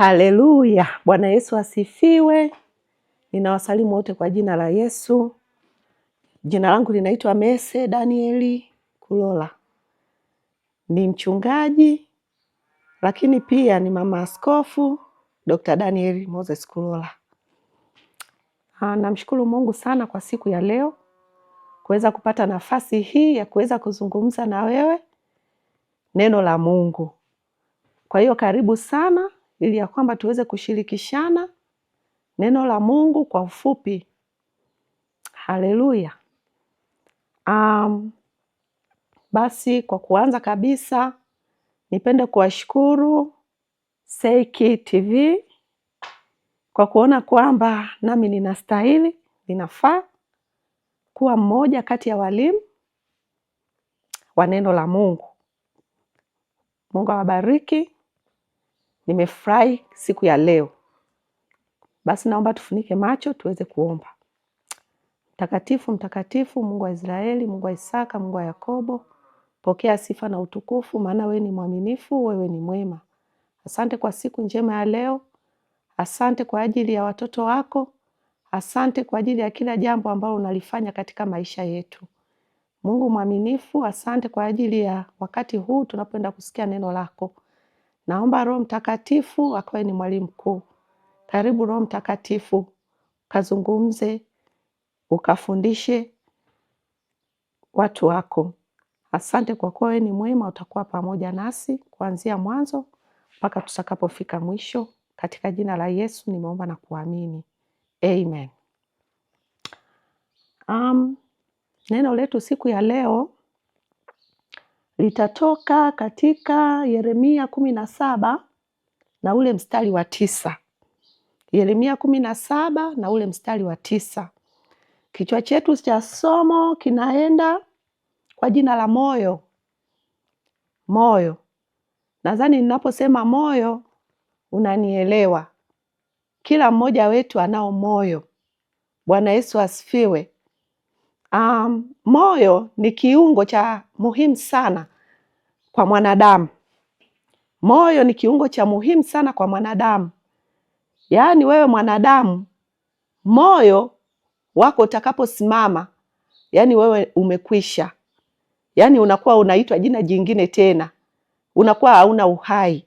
Haleluya, Bwana Yesu asifiwe. Ninawasalimu wote kwa jina la Yesu. Jina langu linaitwa Mese Danieli Kulola, ni mchungaji lakini pia ni mama askofu Dr. Daniel Moses Kulola. Ah, namshukuru Mungu sana kwa siku ya leo kuweza kupata nafasi hii ya kuweza kuzungumza na wewe neno la Mungu. Kwa hiyo karibu sana ili ya kwamba tuweze kushirikishana neno la Mungu kwa ufupi. Haleluya. Um, basi kwa kuanza kabisa nipende kuwashukuru Seiki TV kwa kuona kwamba nami ninastahili, ninafaa kuwa mmoja kati ya walimu wa neno la Mungu. Mungu awabariki. Nimefurahi siku ya leo. Basi naomba tufunike macho tuweze kuomba. Mtakatifu, mtakatifu, Mungu wa Israeli, Mungu wa Isaka, Mungu wa Yakobo, pokea sifa na utukufu, maana wewe ni mwaminifu, wewe ni mwema. Asante kwa siku njema ya leo. Asante kwa ajili ya watoto wako. Asante kwa ajili ya kila jambo ambalo unalifanya katika maisha yetu. Mungu mwaminifu, asante kwa ajili ya wakati huu tunapoenda kusikia neno lako. Naomba Roho Mtakatifu akawe ni mwalimu mkuu. Karibu Roho Mtakatifu, ukazungumze, ukafundishe watu wako. Asante kwa kuwa wewe ni mwema, utakuwa pamoja nasi kuanzia mwanzo mpaka tutakapofika mwisho. Katika jina la Yesu nimeomba na kuamini, amen. Um, neno letu siku ya leo litatoka katika Yeremia kumi na saba na ule mstari wa tisa. Yeremia kumi na saba na ule mstari wa tisa. Kichwa chetu cha somo kinaenda kwa jina la moyo. Moyo, nadhani ninaposema moyo unanielewa. Kila mmoja wetu anao moyo. Bwana Yesu asifiwe. Um, moyo ni kiungo cha muhimu sana kwa mwanadamu. Moyo ni kiungo cha muhimu sana kwa mwanadamu. Yaani wewe mwanadamu, moyo wako utakaposimama, yaani wewe umekwisha, yaani unakuwa unaitwa jina jingine tena, unakuwa hauna uhai,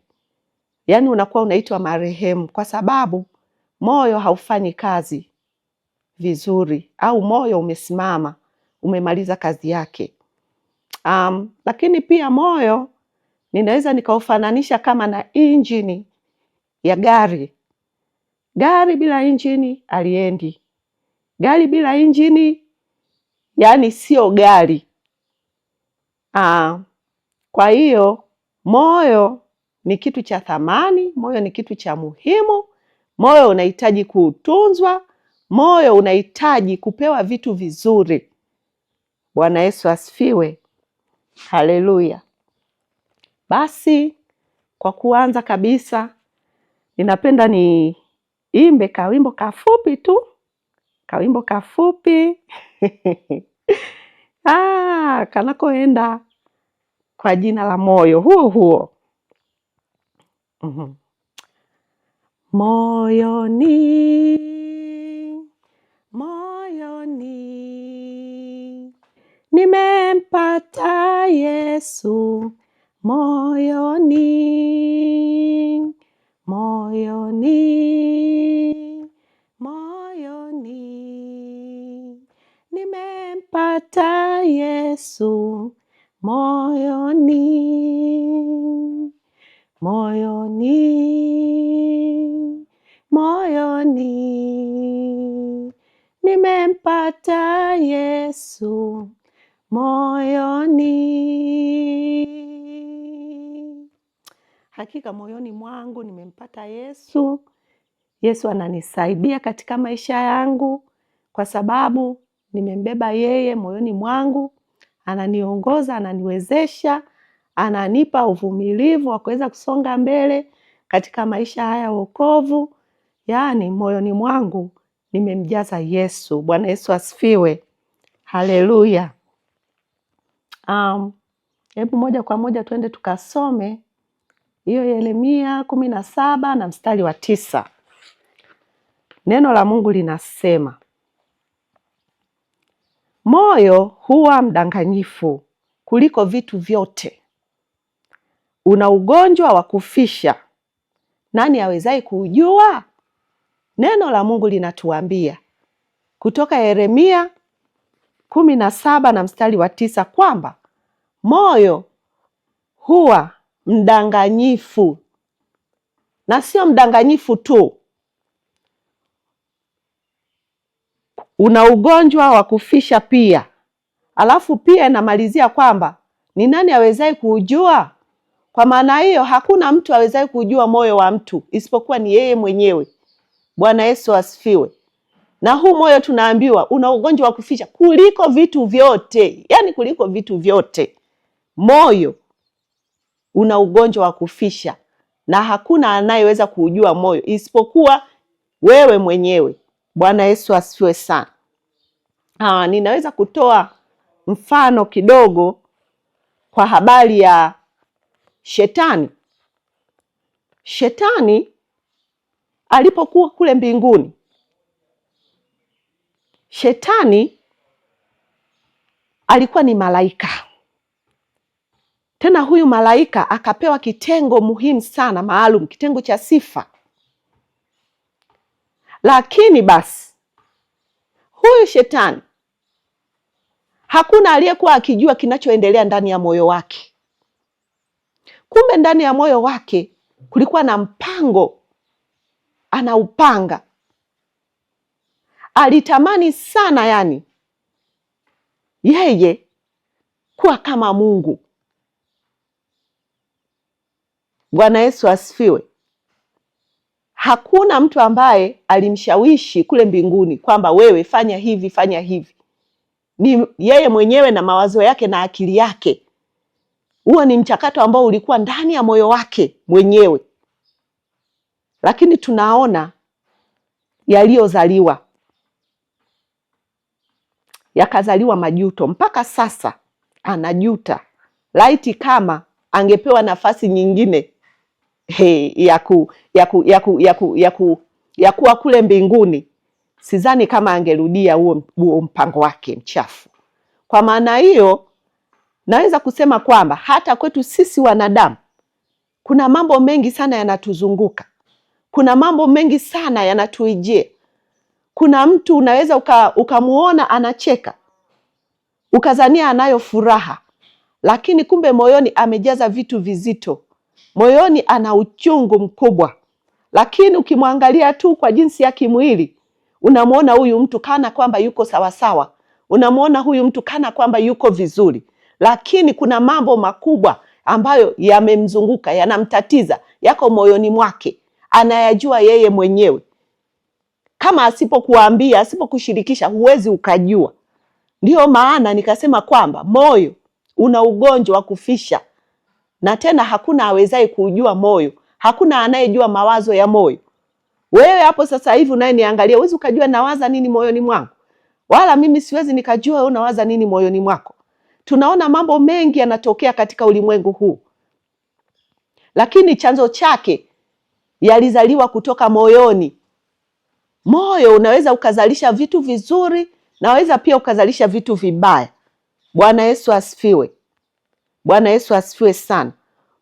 yaani unakuwa unaitwa marehemu, kwa sababu moyo haufanyi kazi vizuri au moyo umesimama, umemaliza kazi yake. Um, lakini pia moyo ninaweza nikaufananisha kama na injini ya gari. Gari bila injini aliendi, gari bila injini yani sio gari. Uh, kwa hiyo moyo ni kitu cha thamani, moyo ni kitu cha muhimu, moyo unahitaji kutunzwa, Moyo unahitaji kupewa vitu vizuri. Bwana Yesu asifiwe, haleluya. Basi kwa kuanza kabisa, ninapenda niimbe kawimbo kafupi tu, kawimbo kafupi ah, kanakoenda kwa jina la moyo huo huo. mm -hmm. nimempata Yesu moyoni, moyoni. hakika moyoni mwangu nimempata Yesu. Yesu ananisaidia katika maisha yangu kwa sababu nimembeba yeye moyoni mwangu, ananiongoza, ananiwezesha, ananipa uvumilivu wa kuweza kusonga mbele katika maisha haya wokovu. Yaani moyoni mwangu nimemjaza Yesu. Bwana Yesu asifiwe, haleluya. Um, hebu moja kwa moja tuende tukasome hiyo Yeremia kumi na saba na mstari wa tisa neno la Mungu linasema moyo huwa mdanganyifu kuliko vitu vyote, una ugonjwa wa kufisha, nani awezaye kuujua? Neno la Mungu linatuambia kutoka Yeremia kumi na saba na mstari wa tisa kwamba moyo huwa mdanganyifu, na sio mdanganyifu tu, una ugonjwa wa kufisha pia. Alafu pia inamalizia kwamba ni nani awezaye kuujua? Kwa maana hiyo hakuna mtu awezaye kujua moyo wa mtu isipokuwa ni yeye mwenyewe. Bwana Yesu asifiwe. Na huu moyo tunaambiwa una ugonjwa wa kuficha kuliko vitu vyote, yaani kuliko vitu vyote moyo una ugonjwa wa kufisha na hakuna anayeweza kuujua moyo isipokuwa wewe mwenyewe. Bwana Yesu asifiwe sana. Ah, ninaweza kutoa mfano kidogo kwa habari ya shetani. Shetani alipokuwa kule mbinguni, shetani alikuwa ni malaika tena huyu malaika akapewa kitengo muhimu sana maalum, kitengo cha sifa. Lakini basi huyu shetani hakuna aliyekuwa akijua kinachoendelea ndani ya moyo wake. Kumbe ndani ya moyo wake kulikuwa na mpango, anaupanga. Alitamani sana yani yeye kuwa kama Mungu, Bwana Yesu asifiwe. Hakuna mtu ambaye alimshawishi kule mbinguni kwamba wewe fanya hivi fanya hivi, ni yeye mwenyewe na mawazo yake na akili yake. Huo ni mchakato ambao ulikuwa ndani ya moyo wake mwenyewe, lakini tunaona yaliyozaliwa yakazaliwa majuto. Mpaka sasa anajuta, laiti kama angepewa nafasi nyingine hey, ya ku, ya ku, ya ku, ya ku, ya ku, ya kuwa kule mbinguni, sidhani kama angerudia huo huo mpango wake mchafu. Kwa maana hiyo, naweza kusema kwamba hata kwetu sisi wanadamu kuna mambo mengi sana yanatuzunguka, kuna mambo mengi sana yanatuijia. Kuna mtu unaweza ukamuona uka anacheka ukazania anayo furaha, lakini kumbe moyoni amejaza vitu vizito moyoni ana uchungu mkubwa, lakini ukimwangalia tu kwa jinsi ya kimwili unamwona huyu mtu kana kwamba yuko sawasawa, unamwona huyu mtu kana kwamba yuko vizuri, lakini kuna mambo makubwa ambayo yamemzunguka yanamtatiza, yako moyoni mwake, anayajua yeye mwenyewe. Kama asipokuambia, asipokushirikisha, huwezi ukajua. Ndiyo maana nikasema kwamba moyo una ugonjwa wa kufisha na tena hakuna awezaye kujua moyo, hakuna anayejua mawazo ya moyo. Wewe hapo sasa hivi unayeniangalia, huwezi ukajua nawaza nini moyoni mwangu, wala mimi siwezi nikajua wewe unawaza nini moyoni mwako. Tunaona mambo mengi yanatokea katika ulimwengu huu, lakini chanzo chake yalizaliwa kutoka moyoni. Moyo unaweza ukazalisha vitu vizuri, naweza pia ukazalisha vitu vibaya. Bwana Yesu asifiwe. Bwana Yesu asifiwe sana.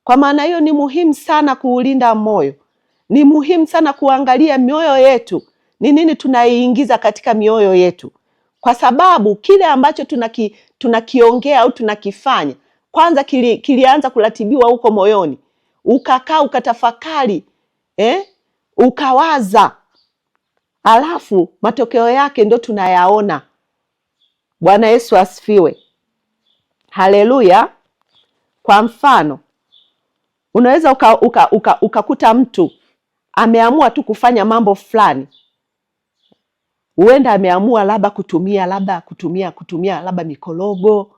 Kwa maana hiyo ni muhimu sana kuulinda moyo, ni muhimu sana kuangalia mioyo yetu, ni nini tunaiingiza katika mioyo yetu, kwa sababu kile ambacho tunaki, tunakiongea au tunakifanya kwanza kili, kilianza kuratibiwa huko moyoni, ukakaa ukatafakari, eh? ukawaza, alafu matokeo yake ndo tunayaona. Bwana Yesu asifiwe, haleluya. Kwa mfano, unaweza ukakuta uka, uka, uka mtu ameamua tu kufanya mambo fulani, huenda ameamua labda kutumia labda kutumia kutumia labda mikologo,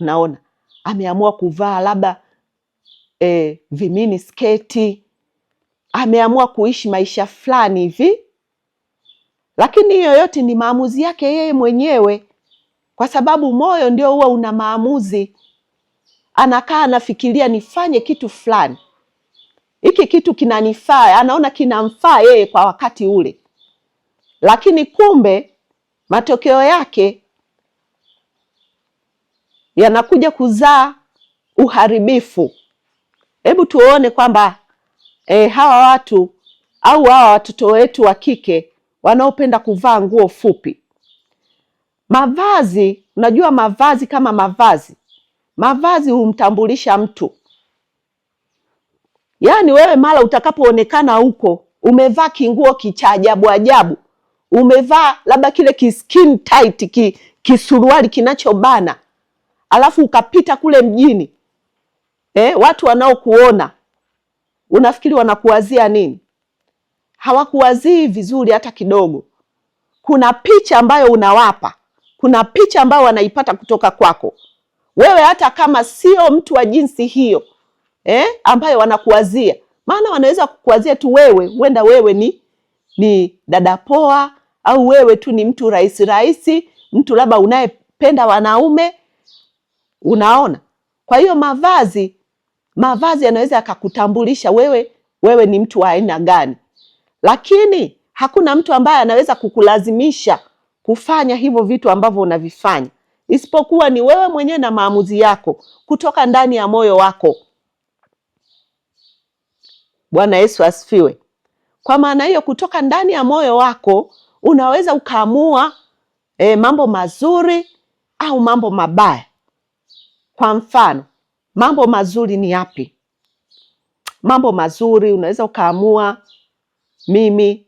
unaona, ameamua kuvaa labda e, vimini sketi, ameamua kuishi maisha fulani hivi, lakini hiyo yote ni maamuzi yake yeye mwenyewe, kwa sababu moyo ndio huwa una maamuzi anakaa anafikiria, nifanye kitu fulani, hiki kitu kinanifaa, anaona kinamfaa yeye kwa wakati ule, lakini kumbe matokeo yake yanakuja kuzaa uharibifu. Hebu tuone kwamba e, hawa watu au hawa watoto wetu wa kike wanaopenda kuvaa nguo fupi, mavazi, unajua mavazi kama mavazi Mavazi humtambulisha mtu. Yaani wewe mara utakapoonekana huko umevaa kinguo kicha ajabu ajabu, umevaa labda kile kiskin tight ki, kisuruali kinachobana, alafu ukapita kule mjini eh, watu wanaokuona unafikiri wanakuwazia nini? Hawakuwazii vizuri hata kidogo. Kuna picha ambayo unawapa, kuna picha ambayo wanaipata kutoka kwako wewe, hata kama sio mtu wa jinsi hiyo eh, ambayo wanakuwazia, maana wanaweza kukuwazia tu wewe, huenda wewe ni ni dada poa, au wewe tu ni mtu rahisi rahisi, mtu labda unayependa wanaume, unaona. Kwa hiyo mavazi mavazi yanaweza yakakutambulisha wewe, wewe ni mtu wa aina gani, lakini hakuna mtu ambaye anaweza kukulazimisha kufanya hivyo vitu ambavyo unavifanya isipokuwa ni wewe mwenyewe na maamuzi yako kutoka ndani ya moyo wako. Bwana Yesu asifiwe. Kwa maana hiyo, kutoka ndani ya moyo wako unaweza ukaamua e, mambo mazuri au mambo mabaya. Kwa mfano, mambo mazuri ni yapi? Mambo mazuri unaweza ukaamua, mimi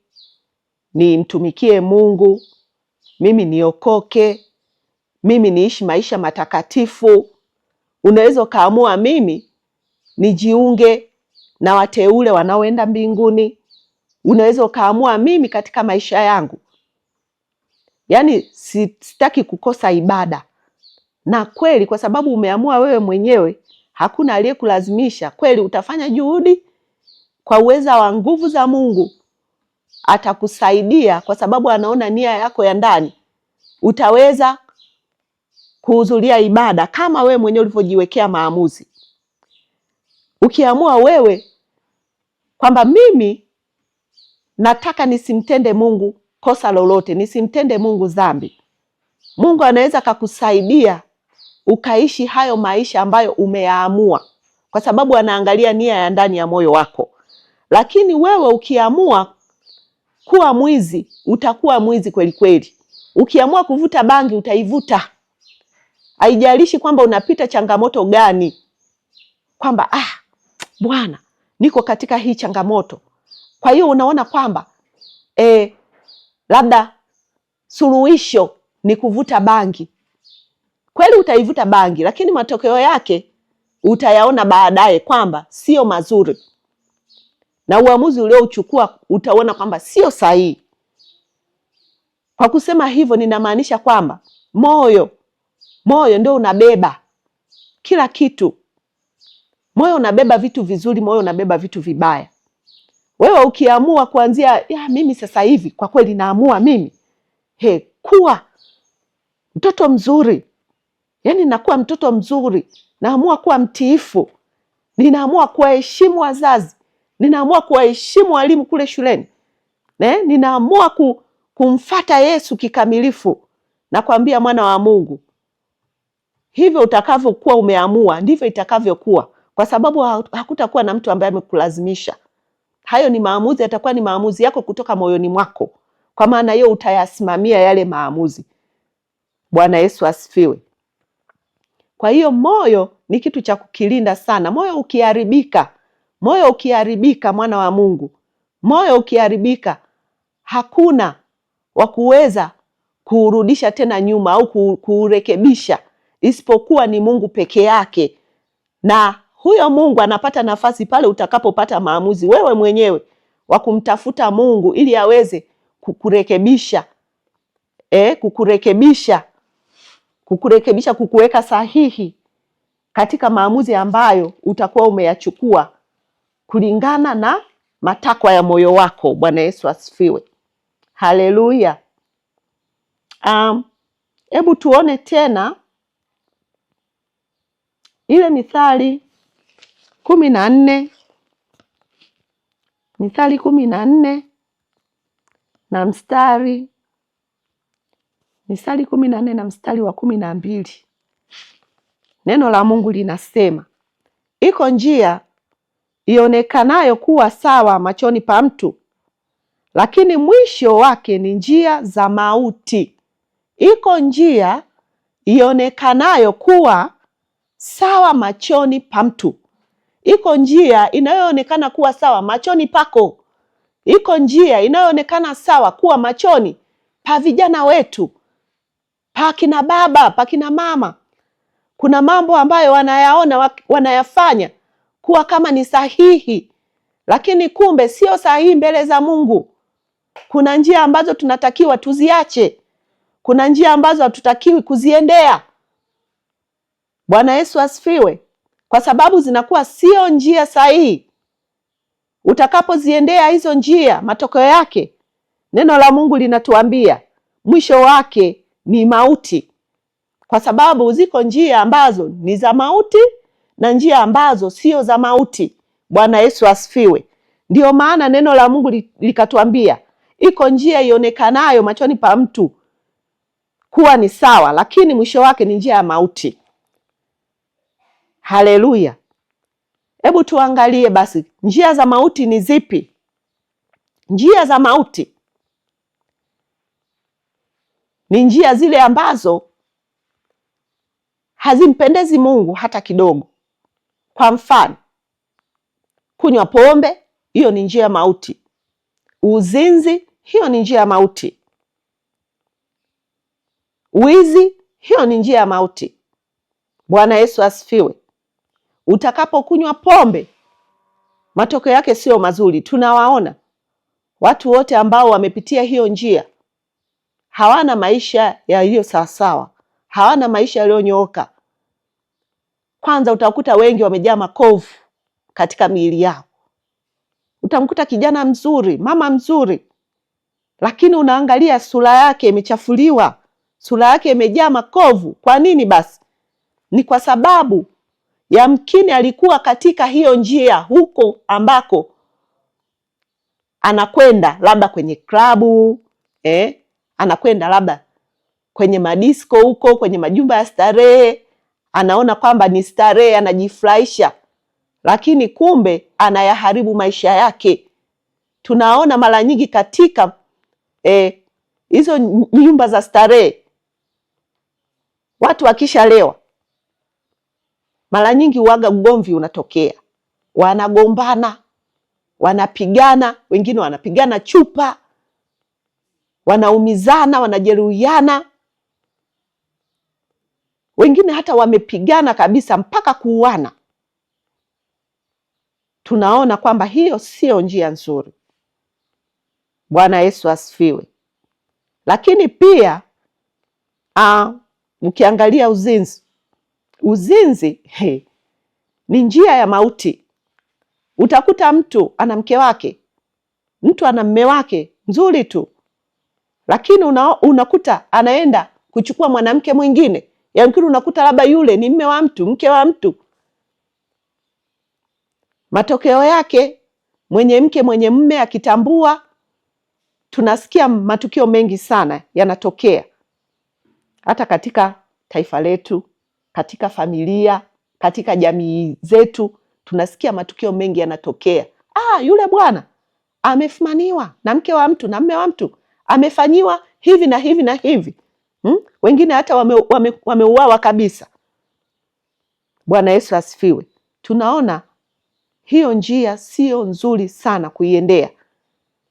nimtumikie Mungu, mimi niokoke, mimi niishi maisha matakatifu. Unaweza ukaamua mimi nijiunge na wateule wanaoenda mbinguni. Unaweza ukaamua mimi katika maisha yangu, yaani sitaki kukosa ibada. Na kweli, kwa sababu umeamua wewe mwenyewe, hakuna aliyekulazimisha. Kweli utafanya juhudi kwa uweza wa nguvu za Mungu atakusaidia kwa sababu anaona nia yako ya ndani. Utaweza kuhudhuria ibada kama wewe mwenyewe ulivyojiwekea maamuzi. Ukiamua wewe kwamba mimi nataka nisimtende Mungu kosa lolote, nisimtende Mungu dhambi, Mungu anaweza akakusaidia ukaishi hayo maisha ambayo umeyaamua, kwa sababu anaangalia nia ya ndani ya moyo wako. Lakini wewe ukiamua kuwa mwizi, utakuwa mwizi kweli kweli. Ukiamua kuvuta bangi, utaivuta haijalishi kwamba unapita changamoto gani, kwamba ah, Bwana, niko katika hii changamoto. Kwa hiyo unaona kwamba eh, labda suluhisho ni kuvuta bangi. Kweli utaivuta bangi, lakini matokeo yake utayaona baadaye kwamba sio mazuri, na uamuzi uliouchukua utaona kwamba sio sahihi. Kwa kusema hivyo, ninamaanisha kwamba moyo Moyo ndio unabeba kila kitu. Moyo unabeba vitu vizuri, moyo unabeba vitu vibaya. Wewe ukiamua kuanzia ya mimi sasa hivi kwa kweli naamua mimi he, kuwa mtoto mzuri, yaani nakuwa mtoto mzuri, naamua kuwa mtiifu, ninaamua kuwaheshimu wazazi, ninaamua kuwaheshimu walimu kule shuleni ne? ninaamua ku, kumfata Yesu kikamilifu. Nakwambia mwana wa Mungu, hivyo utakavyokuwa umeamua ndivyo itakavyokuwa, kwa sababu hakutakuwa na mtu ambaye amekulazimisha. Hayo ni maamuzi, yatakuwa ni maamuzi yako kutoka moyoni mwako. Kwa maana hiyo utayasimamia yale maamuzi. Bwana Yesu asifiwe. Kwa hiyo moyo ni kitu cha kukilinda sana. Moyo ukiharibika, moyo ukiharibika, mwana wa Mungu, moyo ukiharibika, hakuna wa kuweza kuurudisha tena nyuma au kuurekebisha isipokuwa ni Mungu peke yake, na huyo Mungu anapata nafasi pale utakapopata maamuzi wewe mwenyewe wa kumtafuta Mungu ili aweze kukurekebisha e, kukurekebisha kukurekebisha kukuweka sahihi katika maamuzi ambayo utakuwa umeyachukua kulingana na matakwa ya moyo wako. Bwana Yesu asifiwe, haleluya. Um, hebu tuone tena ile mithali kumi na nne mithali kumi na nne na mstari mithali kumi na nne na mstari wa kumi na mbili neno la Mungu linasema iko njia ionekanayo kuwa sawa machoni pa mtu, lakini mwisho wake ni njia za mauti. Iko njia ionekanayo kuwa sawa machoni pa mtu. Iko njia inayoonekana kuwa sawa machoni pako. Iko njia inayoonekana sawa kuwa machoni pa vijana wetu, pa kina baba, pa kina mama. Kuna mambo ambayo wanayaona wanayafanya kuwa kama ni sahihi, lakini kumbe sio sahihi mbele za Mungu. Kuna njia ambazo tunatakiwa tuziache, kuna njia ambazo hatutakiwi kuziendea. Bwana Yesu asifiwe, kwa sababu zinakuwa sio njia sahihi. Utakapoziendea hizo njia, matokeo yake neno la Mungu linatuambia mwisho wake ni mauti, kwa sababu ziko njia ambazo ni za mauti na njia ambazo sio za mauti. Bwana Yesu asifiwe. Ndiyo maana neno la Mungu likatuambia iko njia ionekanayo machoni pa mtu kuwa ni sawa, lakini mwisho wake ni njia ya mauti. Haleluya! Hebu tuangalie basi njia za mauti ni zipi? Njia za mauti ni njia zile ambazo hazimpendezi Mungu hata kidogo. Kwa mfano, kunywa pombe, hiyo ni njia ya mauti. Uzinzi, hiyo ni njia ya mauti. Wizi, hiyo ni njia ya mauti. Bwana Yesu asifiwe. Utakapokunywa pombe, matokeo yake sio mazuri. Tunawaona watu wote ambao wamepitia hiyo njia, hawana maisha yaliyo sawasawa, hawana maisha yaliyonyooka. Kwanza utakuta wengi wamejaa makovu katika miili yao. Utamkuta kijana mzuri, mama mzuri, lakini unaangalia sura yake imechafuliwa, sura yake imejaa makovu. Kwa nini basi? Ni kwa sababu Yamkini alikuwa katika hiyo njia huko ambako anakwenda labda kwenye klabu eh, anakwenda labda kwenye madisko huko kwenye majumba ya starehe, anaona kwamba ni starehe, anajifurahisha, lakini kumbe anayaharibu maisha yake. Tunaona mara nyingi katika eh, hizo nyumba za starehe watu wakishalewa mara nyingi uaga ugomvi unatokea, wanagombana, wanapigana, wengine wanapigana chupa, wanaumizana, wanajeruhiana, wengine hata wamepigana kabisa mpaka kuuana. Tunaona kwamba hiyo sio njia nzuri. Bwana Yesu asifiwe. Lakini pia uh, ah, ukiangalia uzinzi Uzinzi he, ni njia ya mauti. Utakuta mtu ana mke wake, mtu ana mme wake mzuri tu, lakini una, unakuta anaenda kuchukua mwanamke mwingine, yamkini unakuta labda yule ni mme wa mtu, mke wa mtu. Matokeo yake mwenye mke mwenye mme akitambua, tunasikia matukio mengi sana yanatokea hata katika taifa letu katika familia, katika jamii zetu tunasikia matukio mengi yanatokea. Ah, yule bwana amefumaniwa na mke wa mtu na mme wa mtu amefanyiwa hivi na hivi na hivi hmm? Wengine hata wameuawa wame, wame kabisa. Bwana Yesu asifiwe. Tunaona hiyo njia sio nzuri sana kuiendea.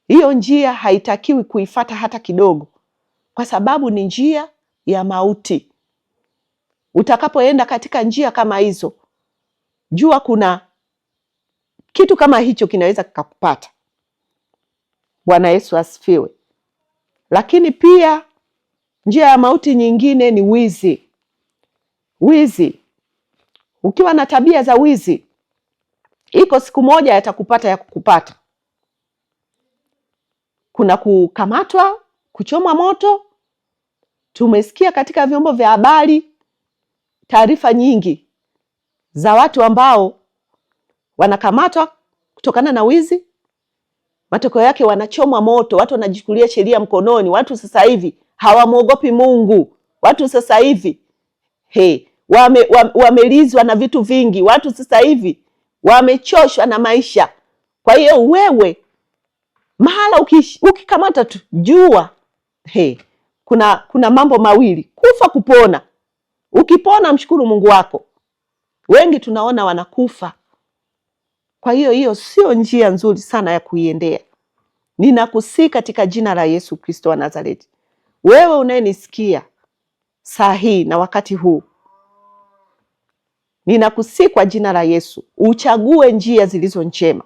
Hiyo njia haitakiwi kuifata hata kidogo, kwa sababu ni njia ya mauti. Utakapoenda katika njia kama hizo, jua kuna kitu kama hicho kinaweza kikakupata. Bwana Yesu asifiwe. Lakini pia njia ya mauti nyingine ni wizi. Wizi, ukiwa na tabia za wizi, iko siku moja yatakupata ya kukupata. Kuna kukamatwa, kuchomwa moto. Tumesikia katika vyombo vya habari taarifa nyingi za watu ambao wanakamatwa kutokana na wizi, matokeo yake wanachomwa moto, watu wanajichukulia sheria mkononi. Watu sasa hivi hawamwogopi Mungu, watu sasa hivi he wame, wamelizwa na vitu vingi, watu sasa hivi wamechoshwa na maisha. Kwa hiyo wewe mahala ukikamata ukikamata tu jua he, kuna kuna mambo mawili, kufa kupona. Ukipona mshukuru Mungu wako. Wengi tunaona wanakufa. Kwa hiyo hiyo sio njia nzuri sana ya kuiendea. Ninakusii katika jina la Yesu Kristo wa Nazareti, wewe unayenisikia saa hii na wakati huu, ninakusii kwa jina la Yesu uchague njia zilizo njema.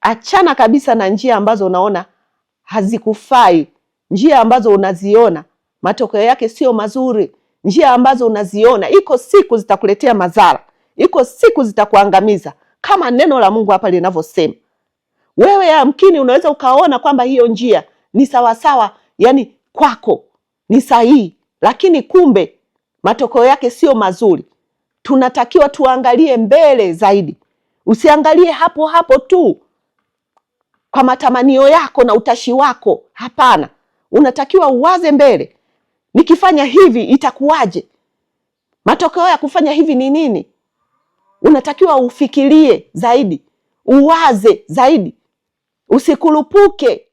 Achana kabisa na njia ambazo unaona hazikufai, njia ambazo unaziona matokeo yake sio mazuri, njia ambazo unaziona, iko siku zitakuletea madhara, iko siku zitakuangamiza, kama neno la Mungu hapa linavyosema. Wewe yamkini unaweza ukaona kwamba hiyo njia ni sawasawa, yani kwako ni sahihi, lakini kumbe matokeo yake sio mazuri. Tunatakiwa tuangalie mbele zaidi, usiangalie hapo hapo tu kwa matamanio yako na utashi wako. Hapana, unatakiwa uwaze mbele nikifanya hivi itakuwaje? Matokeo ya kufanya hivi ni nini? Unatakiwa ufikirie zaidi, uwaze zaidi, usikurupuke